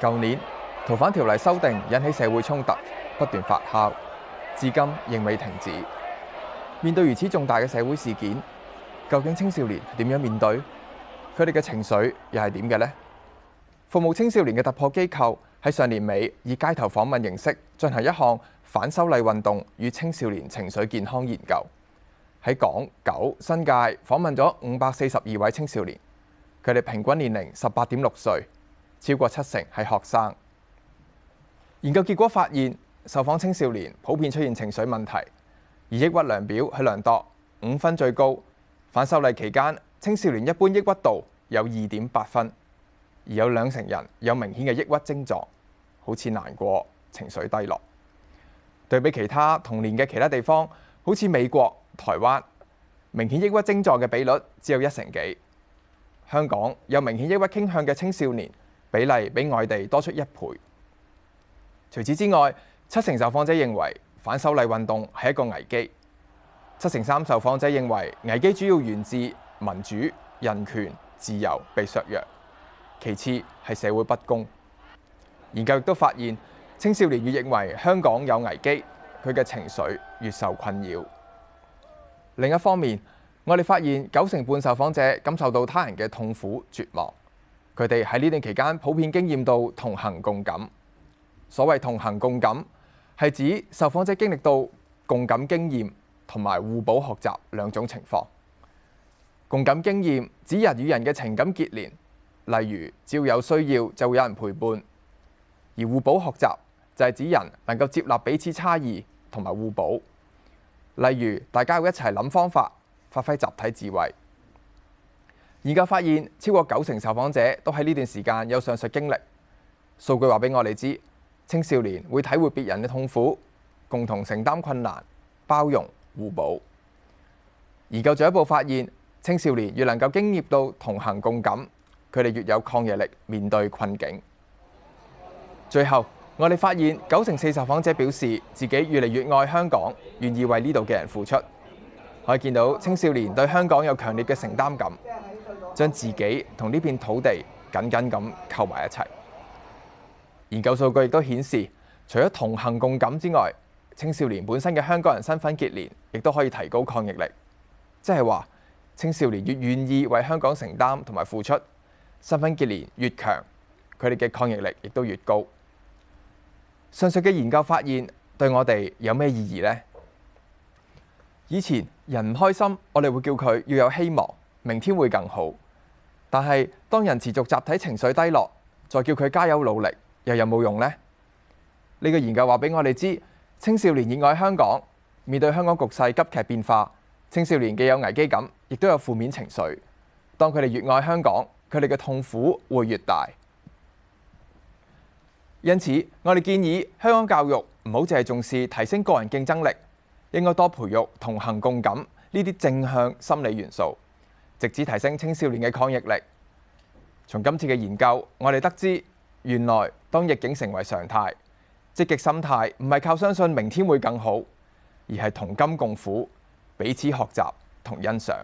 舊年逃犯條例修訂引起社會衝突，不斷發酵，至今仍未停止。面對如此重大嘅社會事件，究竟青少年係點樣面對？佢哋嘅情緒又係點嘅呢？服務青少年嘅突破機構喺上年尾以街頭訪問形式進行一項反修例運動與青少年情緒健康研究，喺港九新界訪問咗五百四十二位青少年，佢哋平均年齡十八點六歲。超過七成係學生。研究結果發現，受訪青少年普遍出現情緒問題，而抑鬱量表係量度，五分最高。反修例期間，青少年一般抑鬱度有二點八分，而有兩成人有明顯嘅抑鬱症狀，好似難過、情緒低落。對比其他同年嘅其他地方，好似美國、台灣，明顯抑鬱症狀嘅比率只有一成幾。香港有明顯抑鬱傾向嘅青少年，比例比外地多出一倍。除此之外，七成受訪者認為反修例運動係一個危機。七成三受訪者認為危機主要源自民主、人權、自由被削弱，其次係社會不公。研究亦都發現青少年越認為香港有危機，佢嘅情緒越受困擾。另一方面，我哋發現九成半受訪者感受到他人嘅痛苦、絕望。佢哋喺呢段期間普遍經驗到同行共感。所謂同行共感係指受訪者經歷到共感經驗同埋互補學習兩種情況。共感經驗指人與人嘅情感結連，例如只要有需要就會有人陪伴；而互補學習就係指人能夠接納彼此差異同埋互補，例如大家會一齊諗方法，發揮集體智慧。研究發現，超過九成受訪者都喺呢段時間有上述經歷。數據話俾我哋知，青少年會體會別人嘅痛苦，共同承擔困難，包容互補。研究進一步發現，青少年越能夠經驗到同行共感，佢哋越有抗逆力面對困境。最後，我哋發現九成四受訪者表示自己越嚟越愛香港，願意為呢度嘅人付出。可以見到青少年對香港有強烈嘅承擔感。將自己同呢片土地緊緊咁扣埋一齊。研究數據亦都顯示，除咗同行共感之外，青少年本身嘅香港人身份結連，亦都可以提高抗逆力。即係話，青少年越願意為香港承擔同埋付出，身份結連越強，佢哋嘅抗逆力亦都越高。上述嘅研究發現對我哋有咩意義呢？以前人唔開心，我哋會叫佢要有希望，明天會更好。但係，當人持續集體情緒低落，再叫佢加油努力，又有冇用呢？呢個研究話俾我哋知，青少年熱愛香港，面對香港局勢急劇變化，青少年既有危機感，亦都有負面情緒。當佢哋越愛香港，佢哋嘅痛苦會越大。因此，我哋建議香港教育唔好淨係重視提升個人競爭力，應該多培育同行共感呢啲正向心理元素。直接提升青少年嘅抗逆力。從今次嘅研究，我哋得知原來當逆境成為常態，積極心態唔係靠相信明天會更好，而係同甘共苦，彼此學習同欣賞。